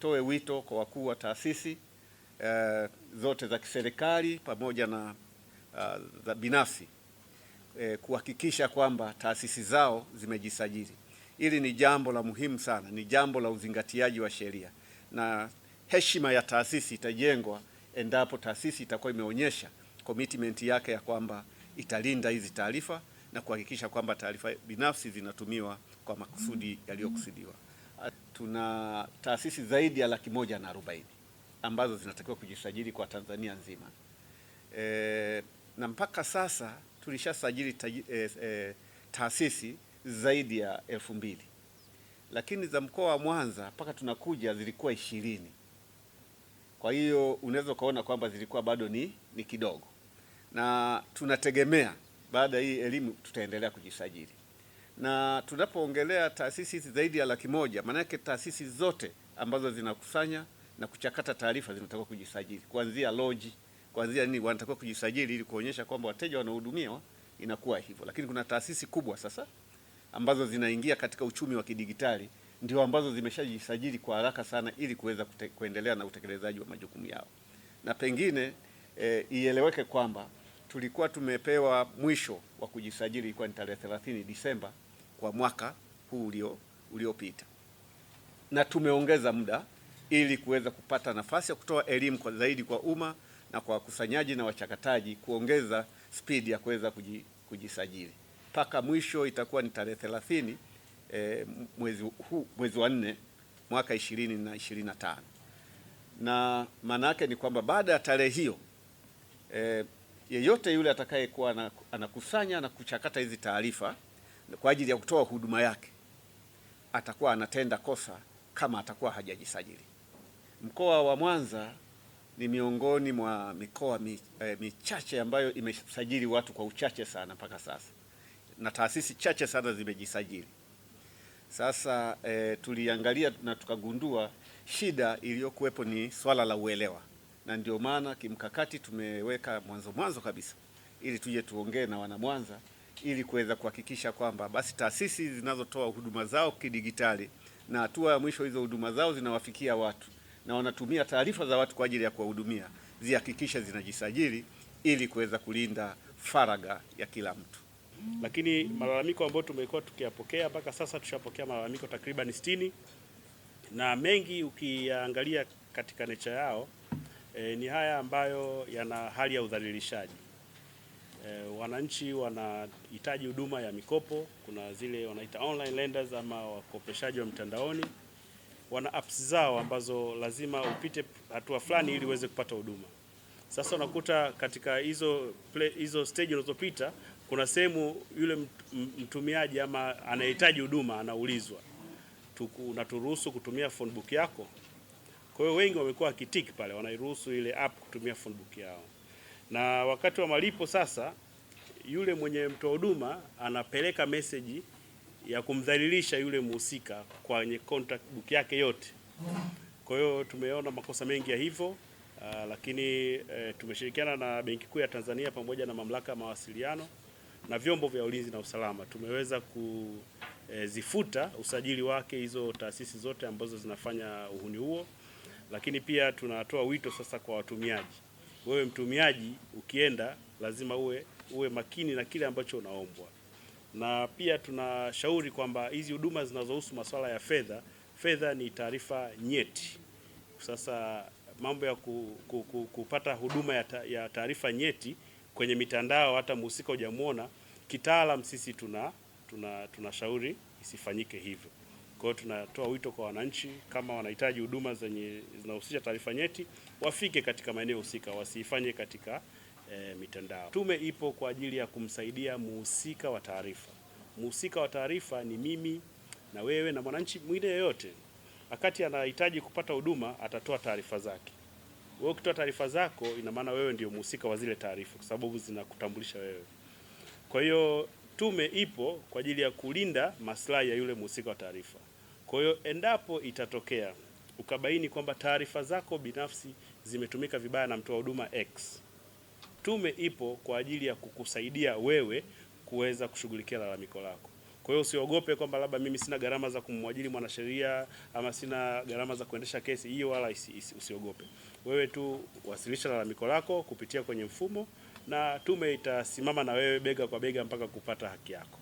toe wito kwa wakuu wa taasisi uh, zote za kiserikali pamoja na uh, za binafsi uh, kuhakikisha kwamba taasisi zao zimejisajili. Hili ni jambo la muhimu sana, ni jambo la uzingatiaji wa sheria, na heshima ya taasisi itajengwa endapo taasisi itakuwa imeonyesha commitment yake ya kwamba italinda hizi taarifa na kuhakikisha kwamba taarifa binafsi zinatumiwa kwa makusudi yaliyokusudiwa tuna taasisi zaidi ya laki moja na arobaini ambazo zinatakiwa kujisajili kwa Tanzania nzima e, na mpaka sasa tulishasajili e, e, taasisi zaidi ya elfu mbili lakini za mkoa wa Mwanza mpaka tunakuja zilikuwa ishirini. Kwa hiyo unaweza ukaona kwamba zilikuwa bado ni, ni kidogo, na tunategemea baada ya hii elimu tutaendelea kujisajili na tunapoongelea taasisi hizi zaidi ya laki moja, maanake taasisi zote ambazo zinakusanya na kuchakata taarifa zinatakiwa kujisajili, kuanzia loji, kuanzia nini, wanatakiwa kujisajili ili kuonyesha kwamba wateja wanahudumiwa, inakuwa hivyo. Lakini kuna taasisi kubwa sasa ambazo zinaingia katika uchumi wa kidigitali, ndio ambazo zimeshajisajili kwa haraka sana, ili kuweza kuendelea na utekelezaji wa majukumu yao. Na pengine e, ieleweke kwamba tulikuwa tumepewa mwisho wa kujisajili ilikuwa ni tarehe 30 Disemba kwa mwaka huu ulio uliopita, na tumeongeza muda ili kuweza kupata nafasi ya kutoa elimu kwa zaidi kwa umma na kwa wakusanyaji na wachakataji, kuongeza spidi ya kuweza kujisajili mpaka mwisho itakuwa ni tarehe 30 eh, mwezi huu mwezi wa nne mwaka 20 na 25, na maana yake ni kwamba baada ya tarehe hiyo eh, yeyote yule atakayekuwa anakusanya na kuchakata hizi taarifa kwa ajili ya kutoa huduma yake atakuwa anatenda kosa kama atakuwa hajajisajili. Mkoa wa Mwanza ni miongoni mwa mikoa eh, michache ambayo imesajili watu kwa uchache sana mpaka sasa, na taasisi chache sana zimejisajili. Sasa e, tuliangalia na tukagundua shida iliyokuwepo ni swala la uelewa, na ndio maana kimkakati tumeweka mwanzo mwanzo kabisa ili tuje tuongee na wana Mwanza ili kuweza kuhakikisha kwamba basi taasisi zinazotoa huduma zao kidigitali na hatua ya mwisho hizo huduma zao zinawafikia watu na wanatumia taarifa za watu kwa ajili ya kuwahudumia, zihakikishe zinajisajili ili kuweza kulinda faragha ya kila mtu. Lakini malalamiko ambayo tumekuwa tukiyapokea mpaka sasa, tushapokea malalamiko takriban 60 na mengi ukiangalia katika necha yao e, ni haya ambayo yana hali ya udhalilishaji. E, wananchi wanahitaji huduma ya mikopo. Kuna zile wanaita online lenders ama wakopeshaji wa mtandaoni, wana apps zao ambazo lazima upite hatua fulani ili uweze kupata huduma. Sasa unakuta katika hizo hizo stage unazopita, kuna sehemu yule mtumiaji ama anayehitaji huduma anaulizwa, unaturuhusu kutumia phone book yako? Kwa hiyo wengi wamekuwa wakitik pale, wanairuhusu ile app kutumia phone book yao na wakati wa malipo sasa, yule mwenye mtoa huduma anapeleka meseji ya kumdhalilisha yule mhusika kwenye contact book yake yote. Kwa hiyo tumeona makosa mengi ya hivyo. Uh, lakini eh, tumeshirikiana na Benki Kuu ya Tanzania pamoja na mamlaka ya mawasiliano na vyombo vya ulinzi na usalama tumeweza kuzifuta eh, usajili wake hizo taasisi zote ambazo zinafanya uhuni huo, lakini pia tunatoa wito sasa kwa watumiaji wewe mtumiaji ukienda lazima uwe, uwe makini na kile ambacho unaombwa, na pia tunashauri kwamba hizi huduma zinazohusu masuala ya fedha, fedha ni taarifa nyeti. Sasa mambo ya ku, ku, ku, kupata huduma ya taarifa nyeti kwenye mitandao hata mhusika hujamwona, kitaalam sisi tuna tunashauri tuna isifanyike hivyo. Kwa hiyo tunatoa wito kwa wananchi, kama wanahitaji huduma zenye zinahusisha taarifa nyeti, wafike katika maeneo husika, wasiifanye katika e, mitandao. Tume ipo kwa ajili ya kumsaidia muhusika wa taarifa. Muhusika wa taarifa ni mimi na wewe na mwananchi mwingine yeyote Wakati anahitaji kupata huduma, atatoa taarifa zake. Wewe ukitoa taarifa zako, ina maana wewe ndio muhusika wa zile taarifa, kwa sababu zinakutambulisha wewe. Kwa hiyo tume ipo kwa ajili ya kulinda maslahi ya yule mhusika wa taarifa. Kwa hiyo endapo itatokea ukabaini kwamba taarifa zako binafsi zimetumika vibaya na mtoa huduma X, tume ipo kwa ajili ya kukusaidia wewe kuweza kushughulikia lalamiko lako. Kwa hiyo usiogope kwamba labda mimi sina gharama za kumwajiri mwanasheria ama sina gharama za kuendesha kesi hiyo, wala usiogope. Wewe tu wasilisha lalamiko lako kupitia kwenye mfumo na tume itasimama na wewe bega kwa bega mpaka kupata haki yako.